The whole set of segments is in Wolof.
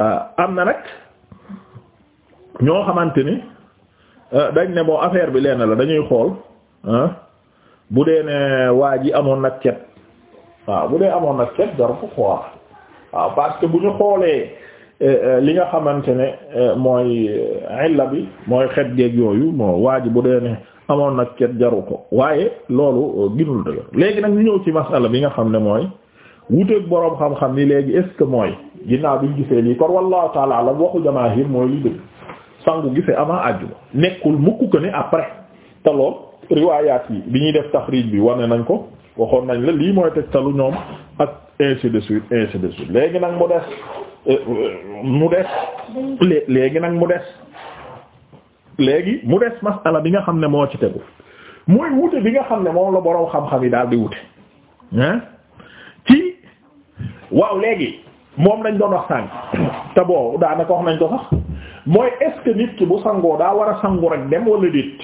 Euh, am na nag ñoo xamante ni euh, dañ ne bon affaire bi lenn la dañuy xool bu dee ne waa ji amoon nag cet waaw bu dee amoon nag cet dara ko xool waaw parce bu ñu xoolee euh, li nga xamante ne mooy illa bi mooy xet geeg yooyu moo waa ji bu dee ne amoon nag cet jaru ko waaye loolu ginul dëgg léegi nag ñu ñëw ci masala bi nga xam ne mooy wuteeg boroom xam-xam ni léegi est mooy ginnaaw bi ñu gisee lii kon wallahu taala alam waxu jamaahir mooy li dëgg sangu gisee avant àjjuma nekkul mukk ko ne après te lool riwaayaat yi bi ñuy def taxriij bi wane nañ ko waxoon nañ la lii mooy tegtalu ñoom ak ainsi de suite ainsi de suite léegi nag mu des euh, euh, mu des léegi nag mu des léegi mu des masala bi nga xam ne moo ci tegu mooy wute bi nga xam ne moom la boroom xam-xam yi daal di wute hein ci waaw léegi moom lañ doon wax sànq te boobu daanaka wax nañ ko sax mooy est nit ki bu sangoo daa war a sangu rek dem wala déet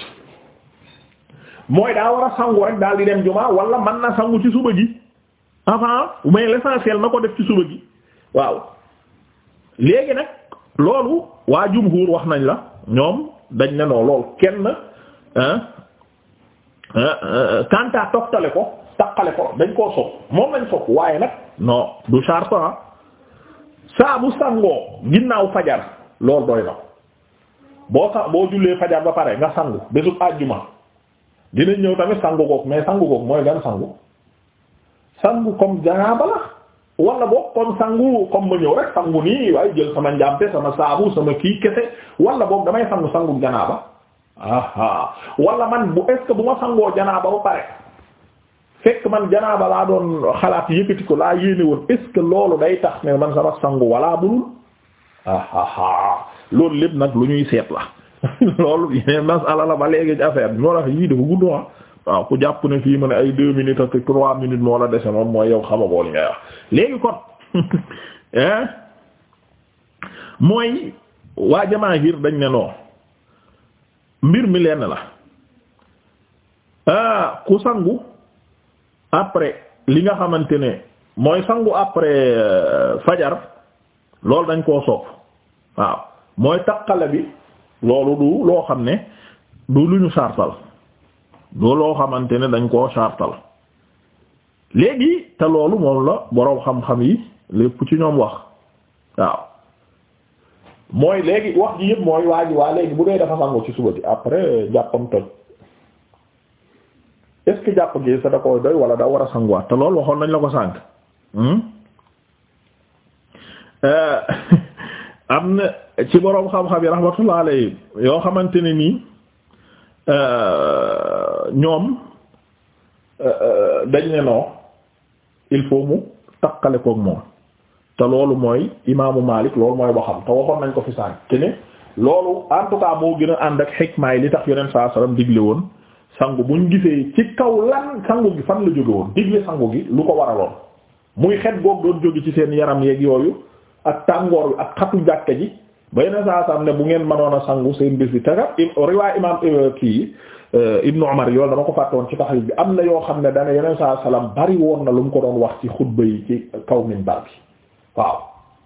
mooy daa war a sangu rek daal di dem jumaa wala man na sangu ci suba gi avant mais l'essentiel na ko def ci suba gi waaw léegi nag loolu waa jumhuur wax nañ la ñoom dañ ne noo lool kenn ah ah ko taqale ko dañ koo sopp moom lañ sopp waaye nag non du charte saabu bu sangoo ginnaaw fajar loolu doy na boo sa boo jullee fajar ba pare nga sangu bésub àjjuma dinañ ñëw tamit sangu goog mais sangu goog mooy gan sangu sangu comme janaaba la wala boog comme sangu comme ma ñëw rek sangu nii waaye jël sama njàmpe sama saabu sama kii kese wala boog damay sangu sangu janaaba aha man bu est bu ma sangoo janaaba ba pare fekk man janaaba laa doon xalaat yëkkati ko laa yéene woon est loolu day tax ne man sama sangu walaa bulul ahaha loolu lépp nag lu ñuy seet la loolu yéen masala la ba léegi ci affaire bi moo yii dafa gudd ah waaw ku jàpp ne fii mu ne ay deux minutes ak trois minutes moo la dese moom mooy yow xamagoo li ngay wax léegi kon hein mooy waa jamaahir dañ ne non mbir mi lenn la ah, ku sangu. après li nga xamante ne mooy sangu après euh, fajar loolu dañ koo sopp waaw mooy takkale bi loolu du loo xam ne du lu ñu sartal du loo xamante ne dañ koo sartal léegi te loolu moom la boroom xam-xam yi lépp ci ñoom wax waaw mooy léegi wax ji yëpp mooy waa ji waa léegi bu dee dafa sangu ci suba bi après jàppam toj est-ce que jàpp gi sa da koy doy wala daa war a sanguwaat te loolu waxoon nañ la ko sànk hmm? euh, am na ci boroom xam-xam yi rahmatullah alayhi yoo xamante ne nii euh, ñoom euh, dañ ne non il faut mu takkale koog moom te loolu mooy imaamu Malik loolu mooy xam te waxoon nañ ko fi sànk te ne loolu en moo gën a ànd ak xikmaay li tax yeneen saa salaam digle woon. sangu ñu gisee ci kaw lan sangu gi fan la jóge woon digle sangu gi lu ko waraloon muy xet goog doon jóge ci seen yaram yeeg yooyu ak tàngoor bi ak xatu jàkka ji bay na saa sam ne bu ngeen mënoon a sangu seen bés bi taga riwaay imam euh, kii euh, Ibnu Umar yoolu dama ko fàttoon ci taxrij bi am na yoo xam ne dana yeneen saa salaam bari woon na lu mu ko doon wax ci xutba yi ci kaw minbar bi waaw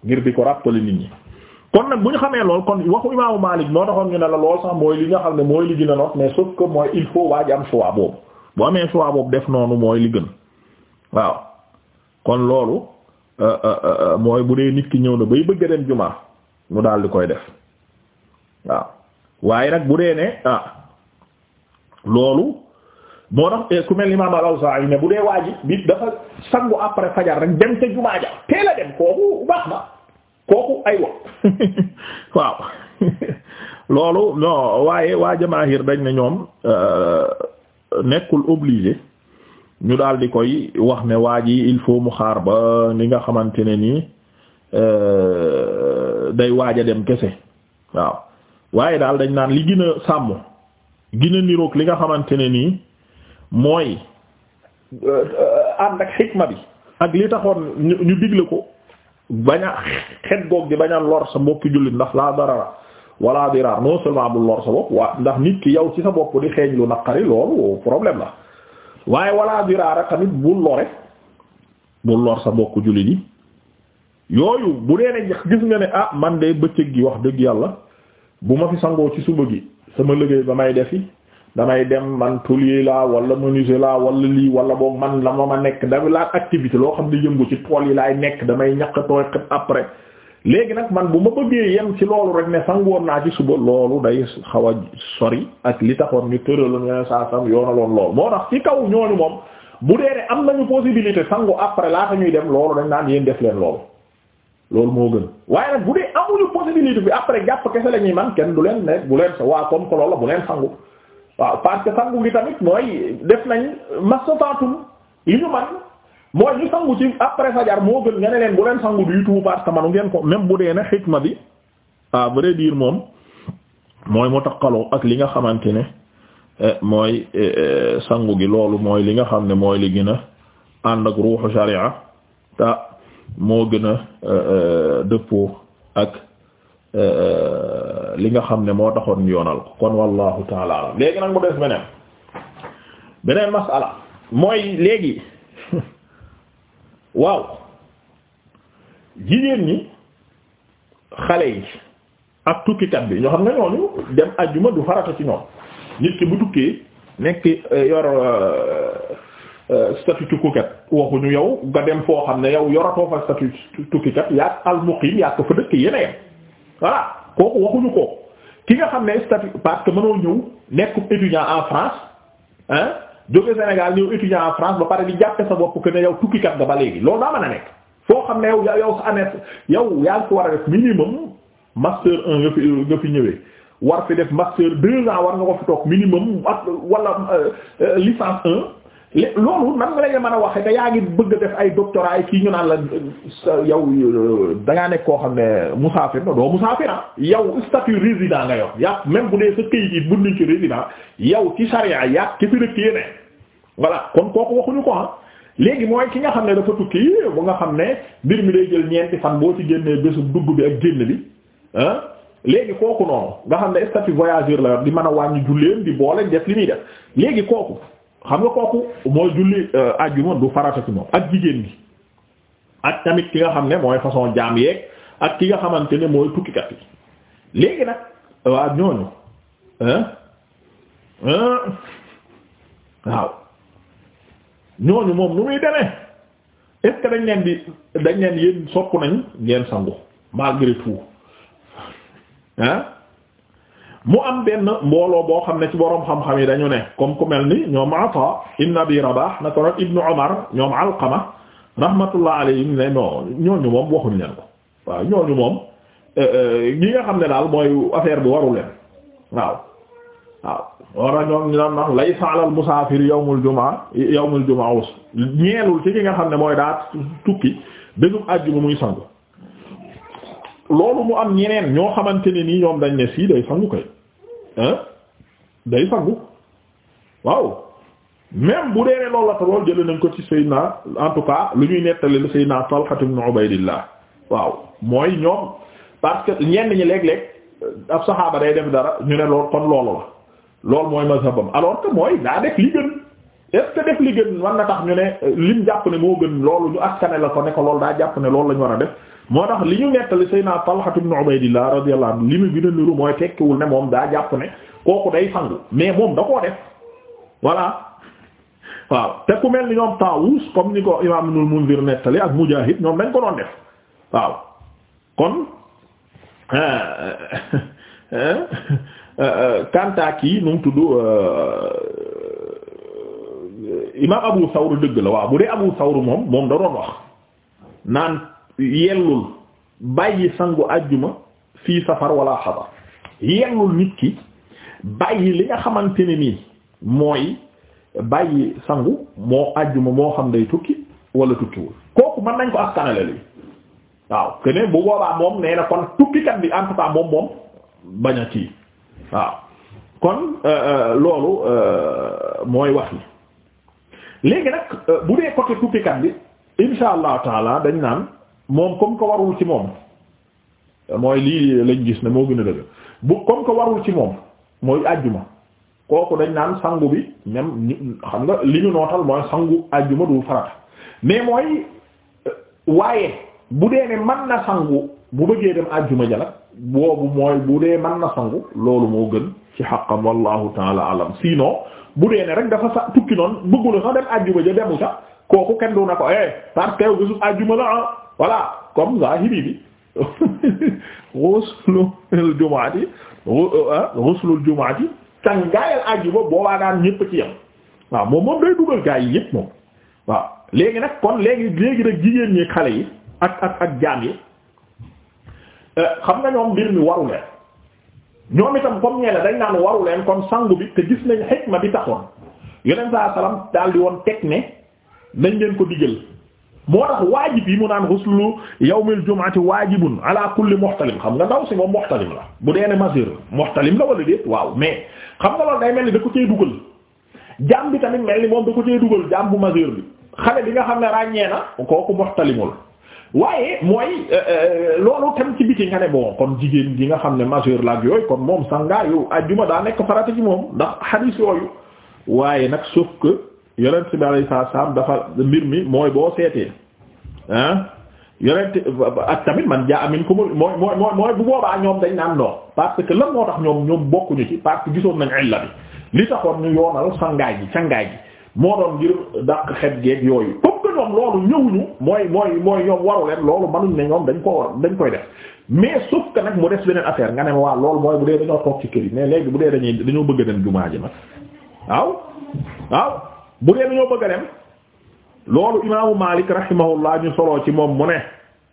ngir di ko rappelé nit ñi kon nag bu ñu xamee lool kon waxu imaamu Maalik moo taxoon ñu ne la lool sax mooy li nga xam ne mooy li gën a not mais sauf que mooy il faut waaj am choix boobu bu amee choix boobu def noonu mooy li gën waaw kon loolu euh, euh, euh, mooy bu dee nit ki ñëw na bay bëgg a dem jumaa mu daal di koy def waaw waaye nag bu dee ne ah, loolu moo tax eh, ku mel ni imaam al-Awzaa'i ne bu dee waa bi dafa sangu après fajar rek dem te jumaa ja teel dem kooku baax na. kooku ay wax waaw loolu non waaye waa jamaahir dañ ne ñoom euh, nekkul obligé ñu daal koy wax ne waa ji il faut mu xaar ba ni nga xamante ne nii euh, day waaj a dem kese waaw waaye daal dañ naan li gën a sàmm gën niroog li nga xamante ne nii mooy euh, ànd ak xikma bi ak li taxoon ñu digle ko bañ a xet goog di bañ lor sa mbokki jullit ndax laa darara wala diraar non seulement bu lor sa bopp waa ndax nit ki yow ci sa bopp di xeeñ lu naqari loolu problème la waaye wala diraara tamit bu lore bu lor sa mbokk jullit yi yooyu bu dee ne gis nga ne ah man de bëccëg gi wax dëgg yàlla bu ma fi sangoo ci suba gi sama liggéey ba may defi damay dem man tôlier laa wala menuisier laa wala lii wala boog man la ma ma nekk da laa activité loo xam ne yëngu ci tool yi laay nekk damay ñaq tooy xet après léegi nag man bu ma bëggee yem ci loolu rek ne sangoon naa ci suba loolu day xaw a sori ak li taxoon ñu tëraloon yeneen saa sam yoonaloon loolu moo tax ci kaw ñooñu moom bu dee ne am nañu possibilité sangu après laata ñuy dem loolu dañ naan yéen def leen loolu loolu moo gën waaye nag bu dee bi après jàpp kese la ñuy kenn du leen ne bu leen sa waa comme que loolu bu leen sangu waaw parce que sangu gi tamit mooy def nañ mastataatum li ñu man mooy ñu sangu ci après fajar moo gën nga ne leen bu leen sangu du tout parce manu ngeen ko même bu dee ne xikma bi à vrai moom mooy mu takkaloo ak li nga xamante ne eh, mooy eh, sangu gi loolu mooy li nga xam ne mooy li gën a ànd ak ruuxu sharia te moo gën a eh, dëppoo ak li nga xam ne moo taxoon ñu yoonal ko kon wallahu taala léegi nag mu des beneen beneen masala mooy léegi waaw jigéen ñi xale yi ak tukkikat bi ñoo xam ne ñooñu dem ajjuma du farata ci ñoom nit ki bu tukkee nekk eh, yor eh, eh, statut tukkikat waxuñu yow nga dem foo xam ne yow yoratoo fa statut tukkikat yaa al yaa ko fa dëkk yéen a yem kooku waxuñu ko ki nga xam ne statut parce que mënoo ñëw nekkum étudiant en France ah jóge Sénégal ñëw étudiant en France ba pare di jàppe sa bopp que ne yow tukkikat nga ba léegi loolu daa mën a nekk foo xam ne yow yow sa année yow yaa ngi ko war a def minimum master 1 nga fi nga fi ñëwee war fi def master 2 ans war nga ko fi toog minimum ak wala euh, euh, licence 1 loolu nan nga la mën a waxee te yaa ngi bëgg a def ay doctorat kii ñu naan la yow euh, da ngaa nekk koo xam ne musaafir na doo musaafir ah yow statut résident nga yor yàq même bu dee sa këyit bu buñ ci résident yow ci sariya yàq ki fi dëkk yéene kon kooku waxuñu ko ah léegi mooy ki nga xam ne dafa tukki bu nga xam ne mbir mi day jël ñeenti fan boo ci génnee bésu dugg bi ak génn bi ah léegi kooku noonu nga xam ne statut voyageur la yor di mën a wàññi julleen di boole def li muy def léegi kooku. xam nga kooku mooy julli euh, ajjuma du farata ci moom ak jigéen gi ak tamit ki nga xam ne mooy façon jaam yeeg ak ki nga xamante ne mooy tukkikat yi léegi nag waaw ñooñu waaw ñooñu moom nu muy demee est dañ leen di dañ leen yéen sopp nañ ngeen sangu malgré tout ah mu am benn mbooloo boo xam ne ci boroom xam-xam yi dañu ne comme ku mel ni ñoom Ata ibn Abi Rabah na ko noon ibnu Umar ñoom Alqama rahmatullah alayhim ne non ñooñu moom waxuñ leen ko waaw ñooñu moom euh, euh, gi nga xam ne daal mooy affaire bi waru leen waaw waaw wara ñoom ñu daan wax laysa alal musaafir yawmul jumaa yawmul jumaa us ñeelul ci ki nga xam ne mooy daa tukki bésub àjjuma muy sangu loolu mu am ñeneen ñoo xamante ne nii ñoom dañ ne sii day sangu kay day sangu waaw même bu dee ne loolu la te loolu jëlee nañ ko ci Seydina en tout cas lu ñuy nettali Seydina Talha ibn Ubaydillah waaw mooy ñoom parce que ñenn ñi léeg-léeg euh, ab saxaaba day def dara ñu ne loolu kon loolu la loolu mooy mazhabam alors que mooy daa def li gën. est-ce que def li gën war tax ñu ne euh, lim jàpp ne moo gën loolu ñu askane la ko ne ko loolu daa jàpp ne loolu lañu war a def moo tax li ñu nettali Seydina Talha ibn Ubaydillah radiyallahu anhu li mu gën a niru mooy tekkiwul ne moom daa jàpp ne kooku day sangu mais moom da koo def voilà waaw te ku mel ni ñoom Taawus comme ni ko imaam Ibnul Munzir nettali ak Mujaahid ñoom dañ ko doon def waaw kon euh, euh, kantaak yi nu mu tudd imaam Abu Sawr dëgg la waaw bu dee Abu Sawr moom moom da doon wax naan yellul bàyyi sangu àjjuma fii safar wala xadar yellul nit ki bàyyi li nga xamante ne nii mooy bàyyi sangu moo àjjuma moo xam day tukki wala tukkiwul kooku mën nañ ko askanale li waaw kene bu boobaa moom nee na kon tukkikat bi en tout cas moom moom bañ a ci waaw kon euh, euh, loolu euh, mooy wax yi léegi nag euh, bu dee côté tukkikat bi insha allahu taala dañ naan moom comme que warul ci moom mooy lii lañ gis ne moo gën a dëgg bu comme que warul ci moom mooy àjjuma kooku dañ naan sangu bi même xam nga li ñu nootal mooy sangu àjjuma du farata mais mooy euh, waaye bu dee ne mën na sangu bu bëggee dem àjjuma ja nag boobu mooy bu dee mën na sangu loolu moo gën ci xaqam wallahu taala alam sinon bu dee ne rek dafa sa tukki noonu bëggu na sax dem àjjuma ja demu sax kooku kenn du na ko eh parce que bisu àjjuma la ah voilà comme zahiri bi ruslul jumaati eh, ah, ruslul jumaati tàngaayal boobaa daan ñëpp ci yam waaw moom moom day dugal gaa yi yëpp moom waaw léegi nag kon léegi léegi nag jigéen ñi xale yi ak ak ak jaam yi eh, xam nga ñoom mbir mi waru leen ñoom itam comme ñee la dañ naan waru leen kon sangu bi te gis nañ xikma bi taxoon yonent saa salaam daal di woon teg ne nañ leen ko digal moo tax waajib yi mu naan ghuslu yawmil jumu'ati waajibun ala kulli muhtalim xam nga ndaw si moom muhtalim la bu dee ne masir muhtalim la wala déet waaw mais xam nga loolu day mel ni da ko cee dugal jaam bi tamit mel ni moom da ko cee dugal jaam bu masir bi bi nga xam ne ràññee na kooku muhtalimul waaye mooy euh, euh, loolu tam ci biti nga ne bon kon jigéen gi nga xam ne majeur la ak yooyu kon moom sangaayu ajjuma daa nekk farata ci moom ndax xadiis yooyu waaye nag sauf que yonent bi alayhi salaam dafa mbir mi mooy boo seetee ah yonent ak tamit man jaa amin ko mooy mooy mooy mooy bu boobaa ñoom dañ naan non parce que lan moo tax ñoom ñoom bokkuñu ci parce que gisoon nañ illa bi li taxoon ñu yoonal sangaay ji sangaay ji moo doon ngir dàq xet geeg yooyu comme que ñoom loolu ñëwuñu mooy mooy mooy ñoom waru leen loolu mënuñ ne ñoom dañ ko war dañ koy def mais sauf que nag mu des beneen affaire nga ne waa loolu mooy bu dee dañoo toog ci kër yi mais léegi bu dee dañuy dañoo bëgg a dem jumaa ji nag waaw waaw bu dee dañoo bëgg a dem loolu imaamu Maalik rahimahullah ñu soloo ci moom mu ne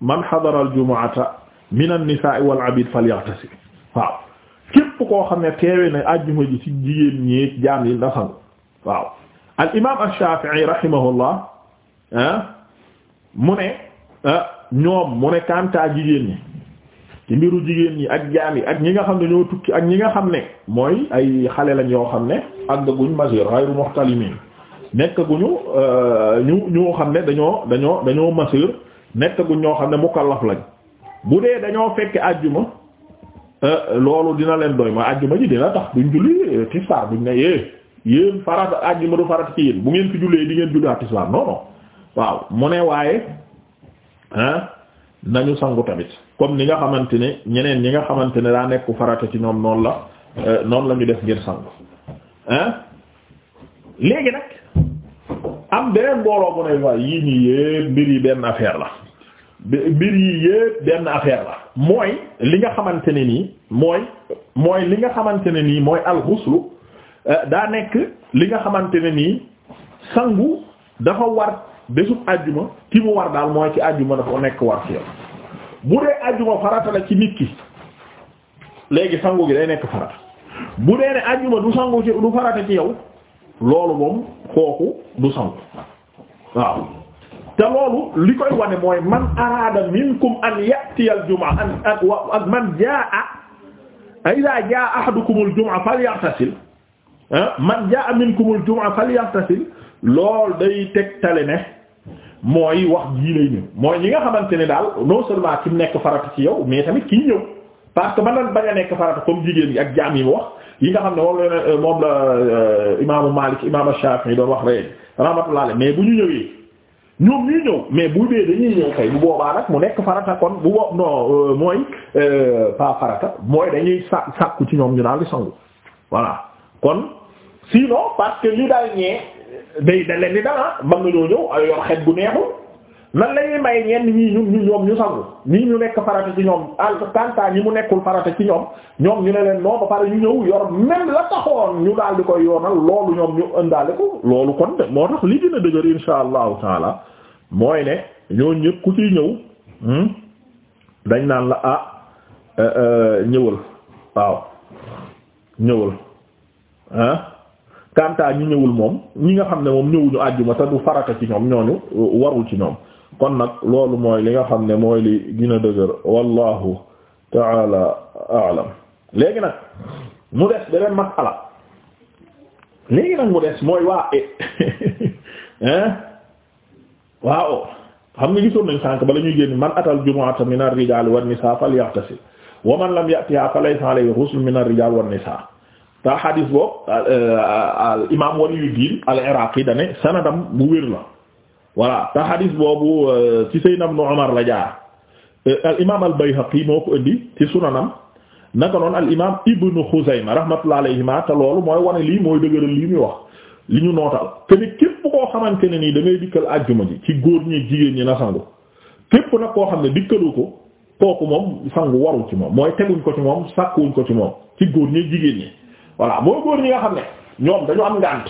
man xadara al jumu'ata min an-nisaa wal 'abid falyaghtasil waaw képp koo xam ne teewe na àjjuma ji al imaam ash-Shafi'i rahimahullah ah, mu ne ah, ñoom mu ne kantaa jigéen ñi ci mbiru jigéen ñi ak jaam yi ak ñi nga xam ne ñoo tukki ak ñi nga xam ne mooy ay xale lañ yoo xam ne àggaguñ majeur ghayru muhtalimin nekkaguñu ah, ñu ñoo xam ne dañoo dañoo dañoo majeur nekkaguñ ñoo xam ne mukallaf lañ bu dee dañoo fekk àjjuma loolu dina leen doy ma àjjuma ji dina tax duñ julli eh, tisbaar duñ ne eh, yéen farata àjjuma du farata ci yéen bu ngeen fi jullee di ngeen julli tisbaar non non waaw mu ne waaye nañu sangu tamit comme ni nga xamante ne ñeneen ñi nga xamante ne daa nekk farata ci ñoom noonu la euh, noonu la ñu def ngir sangu ah léegi nag am beneen mbooloo bu ne waaye yii nii yépp mbir yi benn affaire la mbir yi yépp benn affaire la mooy li nga xamante ne nii mooy mooy li nga xamante ne nii mooy al Euh, daa nekk li nga xamante ne nii sangu dafa war bésub àjjuma ki mu war daal mooy ci àjjuma dafa nekk war ci yow bu dee àjjuma farata la ci nit ki léegi sangu gi day nekk farata bu dee ne àjjuma du sangu ci du farata ci yow loolu moom kooku du sangu waaw te loolu li koy wane mooy man araada minkum an ya'tiya al-jumu'a an ak man jaa'a ay daa jaa'a ahadukum al-jumu'a fal ya'tasil Ah, man jaa minkumul jumu'a falyaghtasil lool day tegtale ne mooy wax jii lay ñëw mooy ñi nga xamante ne daal non seulement mu nekk farata ci yow mais tamit ki ñëw parce que ba nan bañ a nekk farata comme jigéen yi ak jaam yi wax yi nga xam ne moom la moom la euh, imaamu Maalik imaamu Shaafi'i doon wax rek rahmatullah mais bu ñu ñëwee ñoom ñuy ñëw mais bu dee dañuy ñëw kay bu boobaa nag mu nekk farata kon bu boob non euh, mooy euh, pas farata mooy dañuy sa sàkku ci ñoom ñu daal di sinon parce que li daal ñee day da leen di dara mën nañoo ñëw ay yor xet bu neexul nan la ñuy may ñenn ñii ñu ñu ñoom ñu sangu ñii ñu nekk farata ci ñoom al ñi mu nekkul farata ci ñoom ñoom ñu ne leen non ba pare ñu ñëw yor même la taxoon ñu daal di koy yoonal loolu ñoom ñu ëndaale ko loolu kon de moo tax li dina dëgër insha allahu taala mooy ne ñoo ñëpp ku ciy ñëw hmm, dañ naan la ah euh, euh, ñëwal waaw ñëwal ah kanta ñi ñëwul moom ñi nga xam ne moom ñëwuñu àjjuma te du farata ci ñoom ñooñu euh, warul ci ñoom kon nag loolu mooy li nga xam ne mooy li gina dëgër wallahu taala alam léegi nag mu des beneen masala léegi nag mu des mooy waa e- hein waaw xam nga gisoon nañ sànk bala ñuy génn man atal jumu'ata min ar-rijal wan-nisa falyaghtasil wa man lam ya'tiha falaysa alayhi ghusl min ar-rijal wan-nisa sa hadis boobu euh, al imaam Waliyuddin al Iraqi da ne sanadam bu wér la voilà te hadis boobu euh, ci Sayyidina Ibn Umar la jaar euh, al imaam al Bayhaqi moo ko indi ci sunanam naka noon al imaam Ibn Khuzayma rahmatullahi alayhima te loolu mooy wane lii mooy dëgëral lii muy wax li ñu nootal te képp koo xamante ne nii da ngay dikkal àjjuma ji ci góor ñi jigéen ñi na sangu képp nag koo xam ne dikkalu ko kooku moom sangu warul ci moom mooy teguñ ko ci moom sàkkuwuñ ko ci moom ci góor ñi jigéen ñi. voilà mooy góor ñi nga xam ne ñoom dañu am ngànt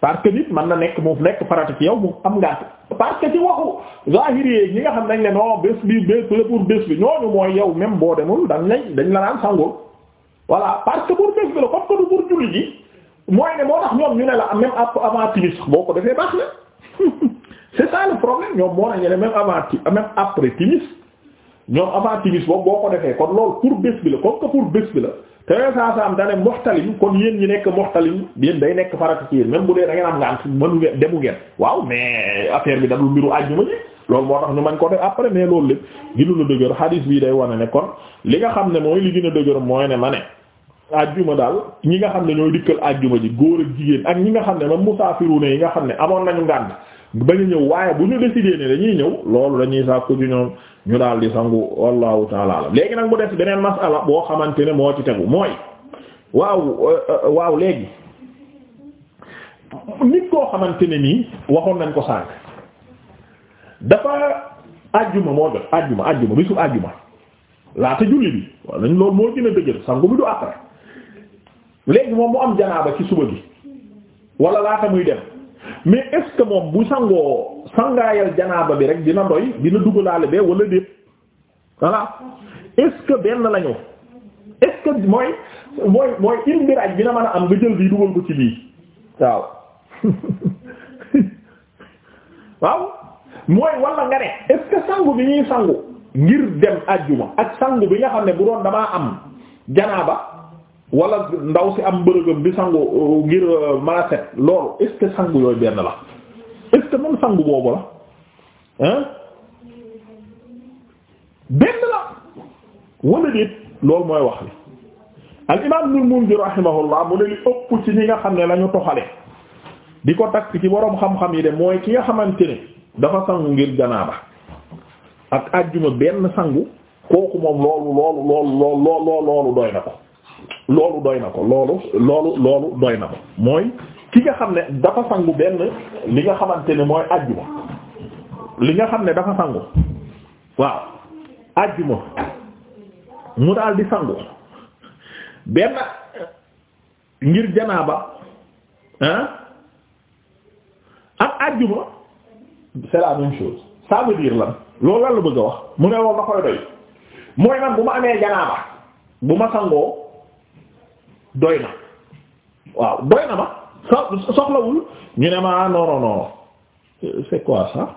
parce que nit man na nekk mu nekk farata ci yow mu am ngànt parce que ci waxu zahiri ñi nga xam nañ ne non bés bi bés la pour bés bi ñooñu mooy yow même boo demul dañ lay dañ la naan sangul voilà parce que pour bés bi la comme que du pour julli ji mooy ne moo tax ñoom ñu ne boo ko defee baax na c'est ñoom moo nañu ne même avant même après timis ñoom avant timis boobu boo ko defee kon loolu pour bés bi la pour bés bi la te saa saam dane muxtalim kon yéen ñi nekk muxtalim yéen day nekk farata ci yéen bu dee da ngeen am ngant mënu ngeen demu ngeen waaw mais affaire bi dadul mbiru àjjuma ji loolu moo tax ñu mañ ko def après mais loolu lépp ginu la dëgër xadiis bii day wane ne kon li nga xam ne mooy li gën a dëgër mooy ne ma ne àjjuma daal ñi nga xam ne ñooy dikkal àjjuma ji góor ak jigéen ak ñi nga xam ne man musaafiru ne yi nga xam ne amoon nañu ngànt bañ a ñëw waaye bu ñu décidé dañuy ñëw loolu dañuy sàkku ju ñoom ñu daal sangu wallahu taala léegi nag mu des beneen masala boo xamante ne moo ci tegu mooy waaw waaw léegi nit koo xamante ne nii waxoon nañ ko sànk dafa ajjuma moo jot ajjuma ajjuma bisu ajjuma laata julli bi waaw nañ loolu moo gën a dëgër sangu bi du après léegi moom mu am janaaba ci suba bi wala laata muy dem mais est-ce que moom bu sangoo sangaayal janaaba bi rek dina doy dina dugalaale be wala déet voilà est benn lañu est-ce que mooy mooy mooy imbiraj bi na mën a am nga jël bii dugal ko ci bii waaw waaw mooy wala nga ne est sangu bi ñuy sangu ngir dem àjjuma ak sangu bi nga xam ne bu doon damaa am janaaba wala ndaw si am mbërëgëm bi sangu euh, ngir euh, mën loolu est sangu yooyu benn la est-ce que sangu boobu la hein benn la wala déet loolu mooy wax li al imam Ibnul Munzir rahimahullah mu ne li ëpp ci ñi nga xam ne lañu ñu toxale di ko takk ci boroom xam-xam yi de mooy ki nga xamante ne dafa sangu ngir janaaba ak àjjuma benn sangu kooku moom loolu loolu loolu loolu loolu loolu doy na ko loolu doy na ko loolu loolu doy na ko mooy ki nga xam ne dafa sangu benn li nga xamante ne mooy ajjuma li nga xam ne dafa sangu waaw ajjuma mu daal di sangu benn ngir janaaba hein ak ajjuma c'est la même chose ça veut lan loolu lan la bëgg a wax mu ne loolu da koy doy mooy man bu ma amee janaaba bu ma sangoo doy na waaw doy na ma soxlawul ñu ne ma ah, non non non c'est quoi ça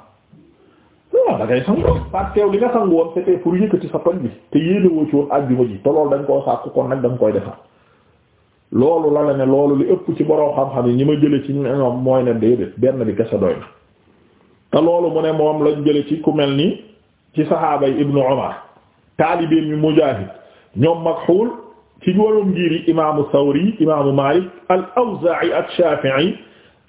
waaw da ngay sangu nga sangu woon c'était pour yëkkati sa poñ bi te yéene woo ci ji te dañ koo sàkk kon nag da nga koy defar loolu la la ne loolu li ëpp ci borom xam-xam yi ñi ma jële ci ñoom mooy ne déedéet benn bi kese doy na te loolu mu ne moom lañ jële ci ku mel ni ci saxaaba yi Ibnu Umar taalibeem yi Mujaahid ñoom Makhuul ci wàllum ngir yi imaamu Sawri imaamu Maalik al-Awzaa'i ak Shaafi'i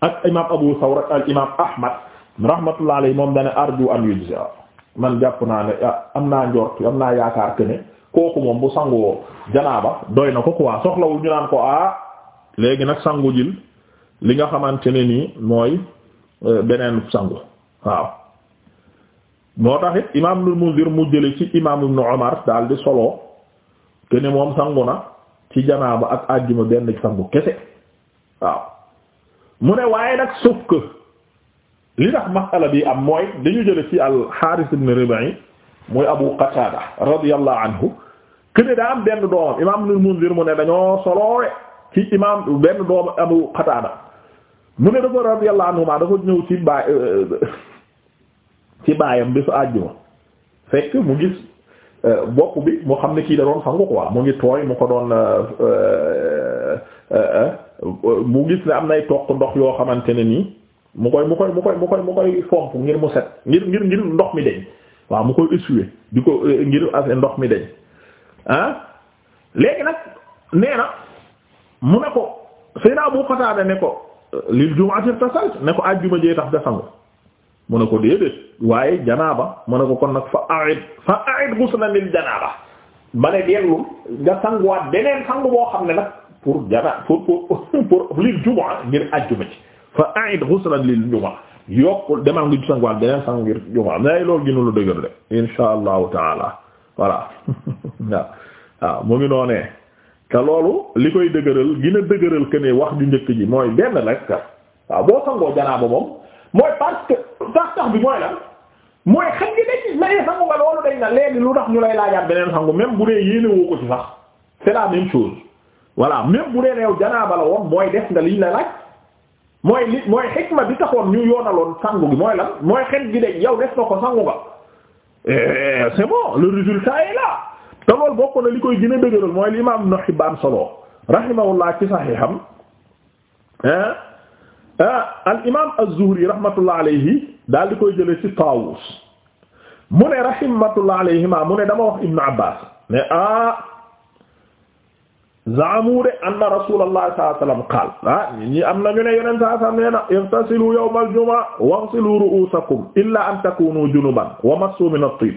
ak imaam Abu Thawr ak al imaam Ahmad rahmatullahi alayhi moom dana arju an yujza man jàpp naa ne ah, am naa njort am naa yaakaar que ne kooku moom bu sangoo janaaba doy na ko quoi soxlawul ñu naan ko ah léegi nag sangu jil li nga xamante ne nii mooy euh, beneen sangu waaw. moo tax it imaam Ibnul Munzir mu jële ci imaam Ibnu Umar daal di solo. ne moom sangu na ci janaaba ak àjjuma benn sangu kese waaw mu ne waaye nag sauf que li tax masala bi am mooy dañu jële ci al Haaris ibn Rib'i muy Abu Qataada radiyallahu anhu këne daa am benn doomam imaam Ibnul Munzir mu ne dañoo soloowe ci imaam benn doomam Abu Qataada mu ne dafa radiyallahu anhu maa dafa ñëw ci baay euh, ci baayam àjjuma fekk mu gis bopp bi moo xam ne kii da doon sangu quoi mu ngi tooy mu ko doon euh, euh, euh, mu gis ne am nay toq ndox yoo xamante ne nii mu koy mu koy mu koy mu koy fomp ngir mu set ngir ngir ngir ndox mi deñ waaw mu koy essuyer di ko ngir as ndox mi deñ ah léegi nag nee na mu ne ko Seydina Abu Qatada ne ne ko àjjuma jee tax nga sangu mu ne ko déedéet waaye janaaba mu ne ko kon nag fa a'id fa a'id ghuslan janaaba ma ne dellul nga sanguwaat beneen sangu boo xam ne nag pour jana pour pour pour lil jumaa ngir àjjuma ci fa a'id ghuslan lil jumaa yokkul demal nga sanguwaat beneen sangu ngir jumaa mais loolu gënu lu dëgër de insha allahu taala voilà waaw waaw mu ngi noonee te loolu li koy dëgëral gën a dëgëral que ne wax ju njëkk ji mooy benn rek waaw boo sangoo janaaba moom. mooy parce que tax tax bi mooy la mooy xam nga dañ ci mayee sangu nga loolu dañ na léegi lu tax ñu lay laajaat beneen sangu même bu dee yéene woo ko ci sax c'est la même chose voilà même bu dee ne yow janaaba la woon mooy def nga liñ la laaj mooy li mooy ma bi taxoon ñu yoonaloon sangu gi mooy lan mooy xet gi de yow def na ko sangu nga eh, c'est bon le résultat est là te loolu bokk na li koy gën a dëgëral mooy li imam Ibn Hibbaan solo rahimahullah ci saxiixam ah Ah, al imaam az-Zuhri rahmatullah alayhi daal di koy jëlee ci Taawus mu ne rahmatullah alayhima mu ne dama wax Ibn Abbas ne ah zaamu de anna rasulallah sallallahu alayhi wasallam qaal ah ñi am na ñu ne yeneen saa sallam nee na ightasilu yawmal jumu'a waghsilu ru'usakum illa an takunu junuban wa massu min at-tib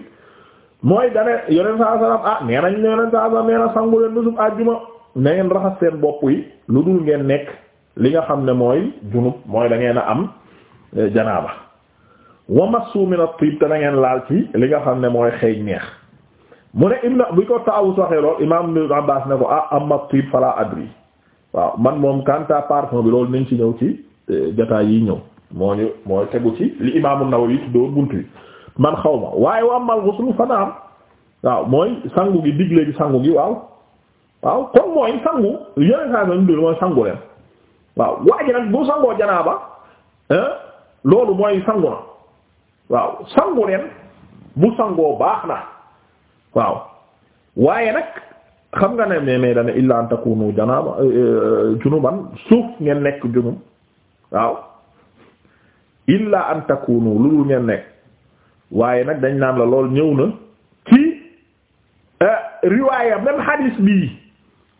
mooy dane yeneen saa sallam ah nee nañ ne yeneen saa sallam nee na sangu leen bisub àjjuma na ngeen raxas seen bopp yi lu dul ngeen nekk. li nga xam ne mooy junub mooy da ngeen a am eh, janaaba wa massu min at-tib te da ngeen laal ci li nga xam ne mooy xëy neex mu ne ibna bi ko Taawus waxee lool imaam Ibn Abbaas ne ko ah amma at-tib fala adri waaw man moom kanta parfum bi loolu nañ ci ñëw ci eh, jotaay yi ñëw moo ñu mooy tegu ci li imaamu Nawawi tuddoon bunt yi man xaw ma waaye wa amal ghusl fa naam waaw mooy sangu gi digle gi sangu gi waaw waaw kon mooy sangu yeneen saa yi mooy sangu waaw waa ji nag bu sangoo janaaba loolu mooy sangu na waaw sangu leen bu sangoo baax na waaw waaye nag xam nga ne mais mais dana illa an takunu janaaba euh, euh, junuban suuf ngeen nekk junub waaw illa an takunu lu ngeen nekk waaye nag dañ naan la lool ñëw na ci euh, riwaaya même hadis bi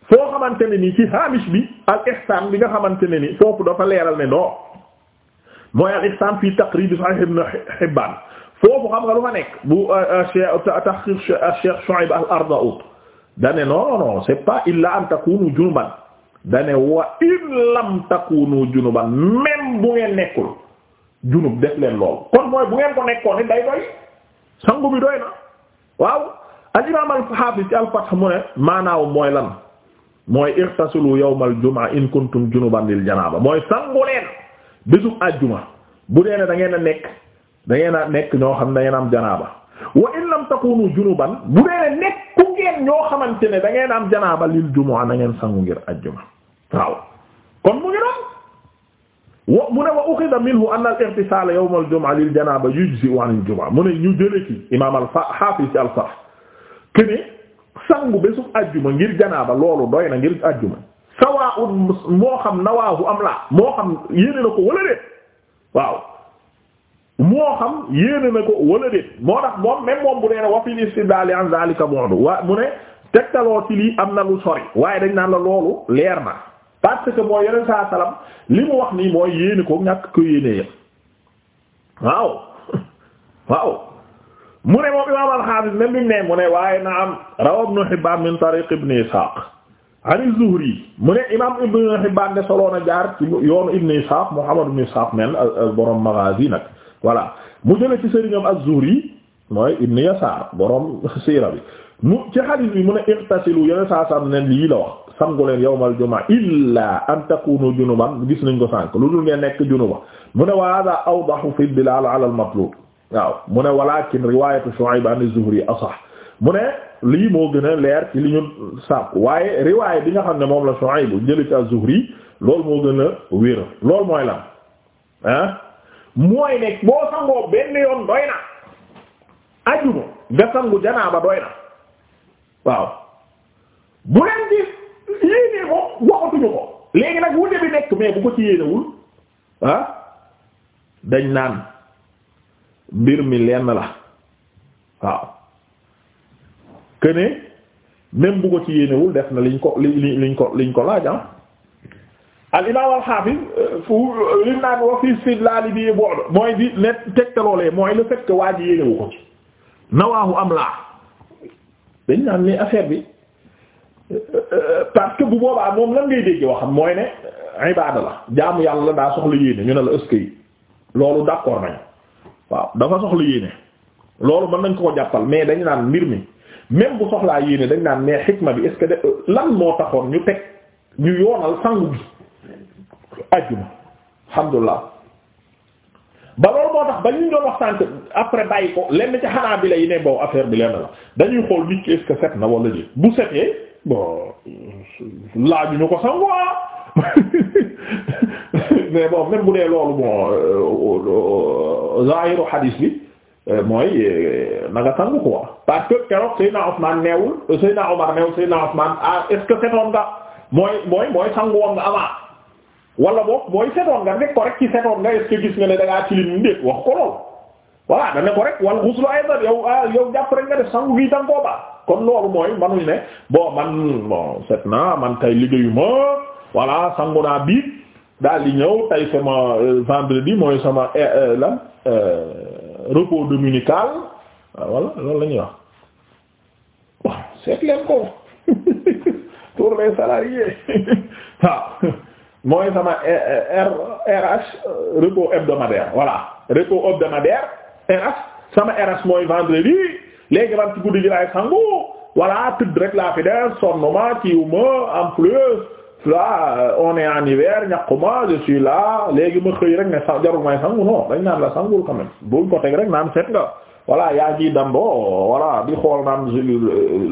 foo xamante ne nii ci hamish bi al ihsan bi nga xamante ne ni foofu dafa leeral ne non mooy al ihsan fii taqrib sahih ibn foofu xam nga lu fa nekk bu tahqiq euh, euh, cheikh Shu'ayb al ardaout dane non non c'est pas illa an takunu junuban dane wa in lam takunu junuban même bu ngeen nekkul junub def leen lool kon mooy bu ngeen ko nekkoon ni day doy sangu bi doy na waaw al imam al hafiz al fath mu maanaaw mooy lan mooy irtasilu yawmal jumaa in kuntum junuban lil janaaba mooy sangu leen bésub àjjuma bu dee ne da ngeen a nekk da ngeen nekk ñoo xam ne da ngeen am janaaba wa in bu dee xamante ne da ngeen am janaaba lil jumaa na ngeen sangu ngir àjjuma waaw kon mu ngi doon wa mu ne wa ukhidha minhu anna al irtisal yawm al lil janaaba yujzi an al mu ne ñu jëlee ci imaam al hafiz al fath sangu bésub ajjuma ngir ba loolu doy na ngir ajjuma sawaa'un moo xam nawaahu am laa moo xam yéene na ko wala déet waaw moo xam yéene na ko wala déet moo tax moom même moom bu nee ne wa fil istidlaali an zaalika bu'du mu ne tegtaloo ci lii am na lu sori waaye dañ naan la loolu leer na parce que mooy yeneen saa salam li mu wax nii mooy yéene ko ñàkk ko yéene yéen waaw waaw mu ne moom imaam al-Hafiz même bi waaye na am rawa Ibn Hibban min tariq Ibn Ishaq an az-Zuhri mu ne imaam Ibn Hibban de soloon a jaar yoon yoonu Ibn Ishaq Muhammad ibn Ishaq men borom Maghazi nag voilà mu jële ci sëriñam az-Zuhri mooy Ibn Yasar borom siira bi mu ci hadith bi mu ne iqtasilu yeneen saa sam ne lii la wax sangu leen yawmal jumaa illa an takunu junuban gis nañ ko sànk lu dul ngeen nekk junuba mu ne wa hadha awdahu fi ad-dilala ala al-matlub waaw mu ne walakin riwayatu Shu'ayb an az-Zuhri asah mu ne lii moo gën a leer ci li ñu sàpp waaye riwaay bi nga xam ne moom la Shu'ayb jëli ci az-Zuhri loolu moo gën a wér lool mooy lan ah mooy nekk boo sangoo benn yoon doy na ajuma nga sangu janaaba doy na waaw bu leen ci yéenee ko waxatuñu ko léegi nag wute nekk mais bu ko ci yéenewul ah dañ naan mbir mi lenn la waaw que ne bu ko ci yéenewul def na liñ ko li liñ ko liñ ko laaj ah al imam al hafiz euh, fu li naan wa fi istidlal bi bu'd mooy di ne tegtaloolee mooy le fait que waa ji yéenewu ko ci nawaahu am laa dañ naan ni affaire bi euh, euh, parce que bu boobaa moom lan ngay dégg waxam mooy ne ibaada la jaamu yàlla daa soxla yéene ñu ne la ëskay loolu d'accord nañu waaw dafa soxla yéene loolu mën nañ koo jàppal mais dañu naan mbir mi même bu soxlaa yéene dañ naan mais xikma bi est de lan moo taxoon ñu teg ñu yoonal sangu bi ajjuma alhamdulilah ba loolu moo tax ba ñu doon wax sànq après bàyyi ko lenn ci xanaa bi la yi ne affaire bi lenn la dañuy xool nit ki set na wala déet bu setee bon laaju ko sangu ah mais bon même bu dee loolu bon euh, zahiru hadis bi euh, mooy euh, na nga sangu quoi parce que keroog Seydina Ousmane neewul Seydina Omar neewul Seydina Ousmane ah est setoon nga mooy mooy mooy sangu woon nga avant wala boog mooy setoon nga nekk ko ci setoon nga est gis nga ne da tilim ndéet wax ko lool voilà da ne ko rek wal ghuslu aydan yow ah, yow jàpp rek nga def sangu gi danga koo kon loolu mooy manuñ ne bon man bon set naa man tay liggéeyu ma voilà sangu daal di ñëw tey sama euh, vendredi mooy sama euh, euh, lan repos dominical ah, voilà loolu la ñuy wax bon seet leen ko pour les salariés waaw ah, mooy sama RH repos hebdomadaire voilà repos hebdomadaire RH sama RH mooy vendredi léegi man ci guddi gi laay sangu voilà tëdd rek laa fi def sonnuma kiiwuma en plus là on est en hiver ñaquma je suis là léegi ma xëy rek ne sa jarul may sangu non dañ naan la sangul quand même buñ ko rek naan seet nga voilà yaa ngi dandoo voilà di xool naan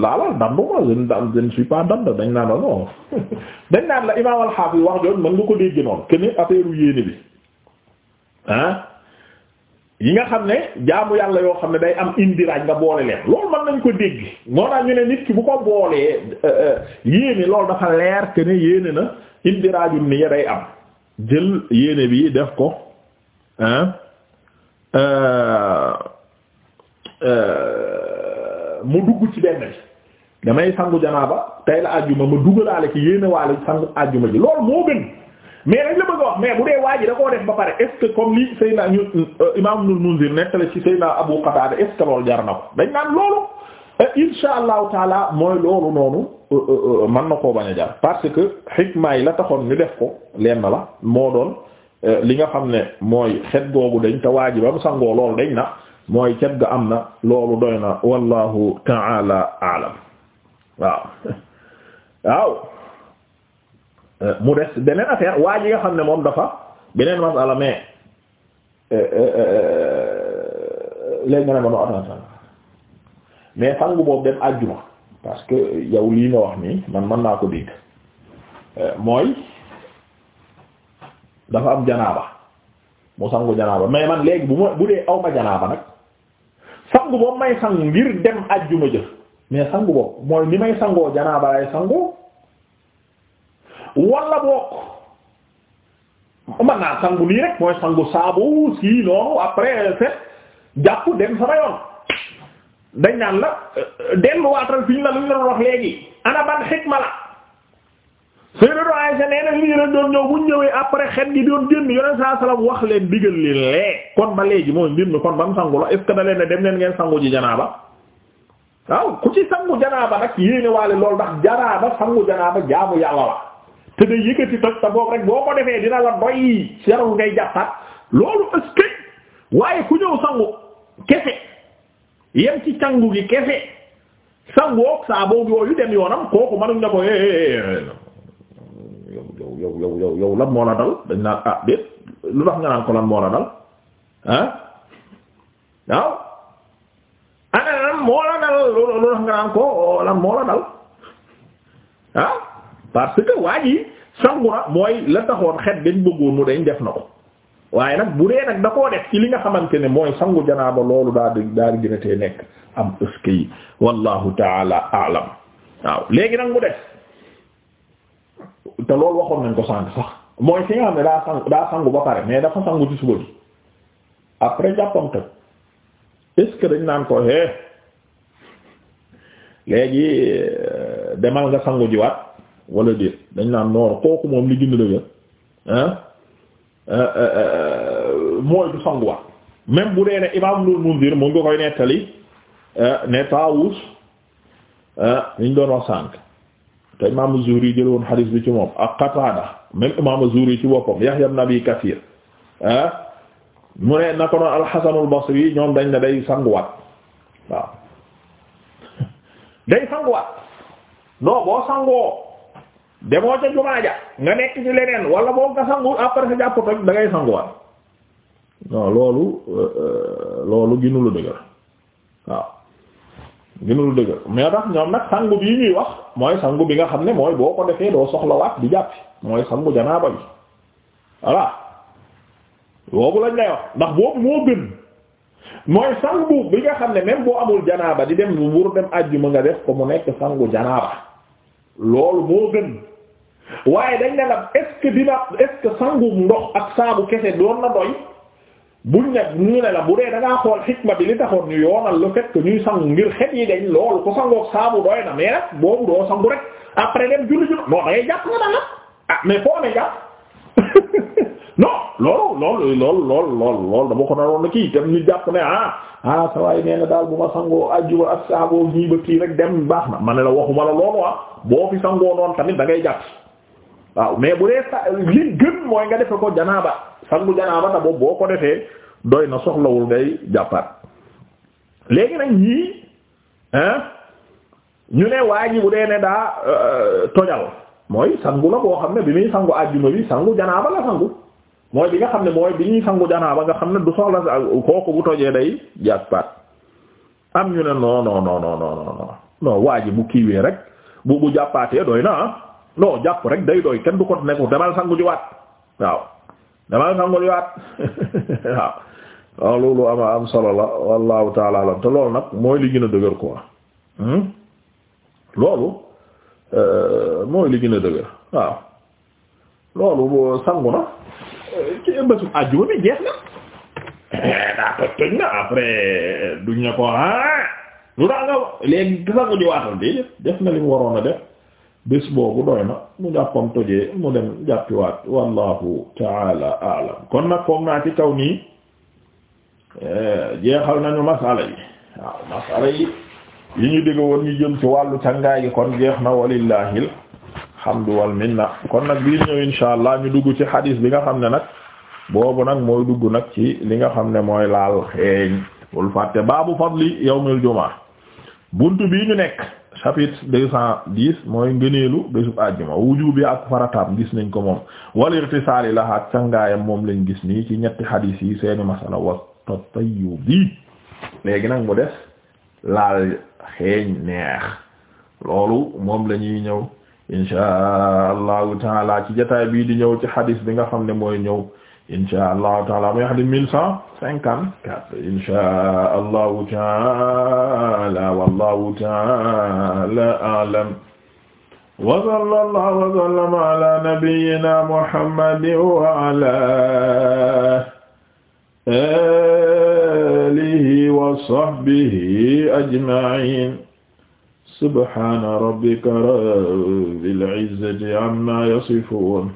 laala dandu ma je ne suis pas dand dañ naan la non dañ naan la imam al-Hafiz wax jooju mën nga ko dégg noonu que ni affaire yéene bi ah yi nga xam ne jaamu yàlla yoo xam ne day am indiraaj nga boole leen loolu mën nañ ko dégg moo tax ñu ne nit ki bu ko boolee euh, euh, yéene loolu dafa leer que ne yéene na indiraaju ni ya day am jël yéene bi def ko euh, mu dugg ci benn bi damay sangu janaaba tey la àjjuma ma dugalaale ci yéene sangu àjjuma ji loolu moo gën mais dañ la bëgg wax mais bu dee waa ji da koo def ba pare est comme li Seydina euh, Imaam Ibnul Munzir nettali ci Seydina Abu Qatada est loolu jar na ko dañ naan loolu euh, insha allahu taala mooy loolu noonu euh, man na koo bañ a jar parce que xikma yi la taxoon ñu def ko lenn la moo doon li nga xam ne mooy xet googu dañ te waa ji ba mu sangoo loolu dañ na mooy cet ga am na loolu doy na wallahu taala alam waaw waaw Euh, mu des beneen affaire waa ji nga xam ne moom dafa beneen masala mais euh, euh, léegi nga ne mënoo attention mais sangu boobu dem àjjuma parce que yow lii nga wax nii man mën naa ko dégg mooy dafa am janaaba mu sangu janaaba mais man léegi bu ma bu dee aw ma janaaba nag sangu boobu may sangu ngir dem àjjuma jëf mais sangu boobu mooy ni may sangoo janaabaay lay wala bokk man naa sangu nii rek mooy sangu saabu si noonu après set jàpp dem sama yoon dañ naan la euh, delluwaatal fi ñu la lu ñu la wax léegi na li ñu doon ñëw bu ñëwee après xet gi doon génn yoneen saa salaam wax leen digal li lee kon ba léegi mooy mbir mi kon ba sangu la est-ce que ne dem neen ngeen sangu ji janaaba waaw ku ci sangu janaaba nag yéene waale loolu ndax janaaba sangu janaaba jaamu yàlla la te day yëkkati toj te boobu rek boo ko defee dina la doy jarul ngay jàppaat loolu est waaye ku ñëw sangu kese yem ci cangu gi kese sangoog saa boobu yooyu dem yoonam kooku mënuñ ne ko eh, eh, eh, yow yow yow yow yow yow lan moo la dañ naan ah déet moo la dal ah waaw ana lan lu tax nga naan ko lan moo la dal ah parce que waa ji sangu na mooy la taxoon xet dañ bëggoon mu dañ def na ko waaye nag bu dee nag da koo def ci li nga xamante ne mooy sangu janaaba loolu daa di daa di gënatee nekk am ësk yi wallahu taala alam waaw léegi nag mu def te loolu waxoon nañ ko sànq sax mooy fi nga xam ne daa sangu daa sangu ba pare mais dafa sangu ci suba bi après jàppam toj est dañ naan ko hé eh, léegi euh, demal nga sangu jiwaat wala déet dañ naan noor kooku moom li gën a dëgër euh, euh, euh, mooy du sanguwaat même bu dee ne imaam Ibnul Munzir mu ngi koy nettali ne Taawus liñ doon wax sànq te imaam Zuhri jël woon xadiis bi ci moom ak Qataada même imaam Zuhri ci boppam Yahya ibn Abi mu ne na ko noon al-Hasanul ñoom dañ ne day sanguwaat waaw day sanguwaat non boo sangoo. demoo ca jumaa ja nga nekk ci leneen wala boo nga sangu après sa jàpp toj da ngay sanguwaat loolu euh, loolu gënu lu dëgër waaw gënu dëgër mais tax ñoom nag sangu bii ñuy wax mooy sangu bi nga xam ne mooy boo ko defee doo soxlawaat di jàppi mooy sangu janaaba bi voilà boobu lañ lay wax ndax boobu moo gën mooy nga xam ne même boo amul janaaba di dem bu dem àjjuma nga def ko mu nekk sangu janaaba loolu moo gën. waaye dañ ne la est-ce que dina est-ce que sangum ndox ak saabu kese doon na doy buñ ne ñu ne la bu dee da xool xikma bi li taxoon ñu yoonal le fait que ñuy sangu ngir xet yi dañ loolu ko sangook saabu doy na mais boobu doo sangu rek après dem julli julli non da jàpp nga danga ah mais foo ne jàpp non loolu loolu loolu loolu loolu dama ko naroon na kii dem ñu jàpp ne ah ah sa waay nee na daal bu ma sangoo ajjuma ak saaboo ñii ba kii rek dem baax na ma ne la waxuma la loolu ah boo fi tamit da ngay jàpp waaw mais bu dee sa li gën mooy nga defe ko janaaba sangu janaaba boobu boo ko defee doy na soxlawul ngay jàppaat léegi nag ñii hein ñu ne waa ji bu dee ne daa euh, tojal mooy sangu la boo xam ne bi muy sangu àjjuma bi sangu janaaba la sangu mooy bi nga xam ne mooy bi ñuy sangu janaaba nga xam ne du soxla kooku bu tojee day jàppaat am ñu ne non non non non non non bu kiiwee rek bu bu jàppaatee doy na ah. loo jàpp rek day doy kenn du ko nekku demal sangu ji waat waaw demal sangu ji waat waaw loolu ama am solo la wallahu taala te loolu nag mooy li gën a dëgër quoi hmm? loolu euh, sangu na ci bésu àjjuma bi jeex na daa toj toj na après duñ ne ko ah lu daa nga léegi sangu ji waatal def na li mu waroon a def bés boobu doy na mu jàppam tojee mu dem jàppiwaat wallahu taala alam kon nag foog naa ci kaw nii eh, jeexal nañu masala yi waaw masala yi yi ñu dégg woon ñu jëm ci wàllu cangaay gi kon jeex na walillahil hamdu wal kon nag bii ñëw insha allah ñu dugg ci hadis bi nga xam ne nag boobu nag mooy dugg nag ci li nga xam ne mooy laal xeeñ bul fàtte baabu fadli yawmil jumaa bii ñu nekk chapitre deux cent dix mooy ngëneelu bésub àjjuma wujubi ak farataam gis nañ ko moom wal irtisaali laha ak sangaayam moom lañ gis nii ci ñetti xadiis yi seeni masala wa tatayyubi léegi nag mu des laal xeeñ neex loolu moom la ñuy ñëw insha allahu taala ci jotaay bii di ñëw ci xadiis bi nga xam ne mooy ñëw insha allahu taala muy hadith mille cent cinquante quatre insha allahu taala wallahu taala a'lam wa sallallahu wa sallama ala nabiyyina muhammadin wa ala alihi wa sahbihi ajma'in subhana rabbika rabbil izzati amma yasifun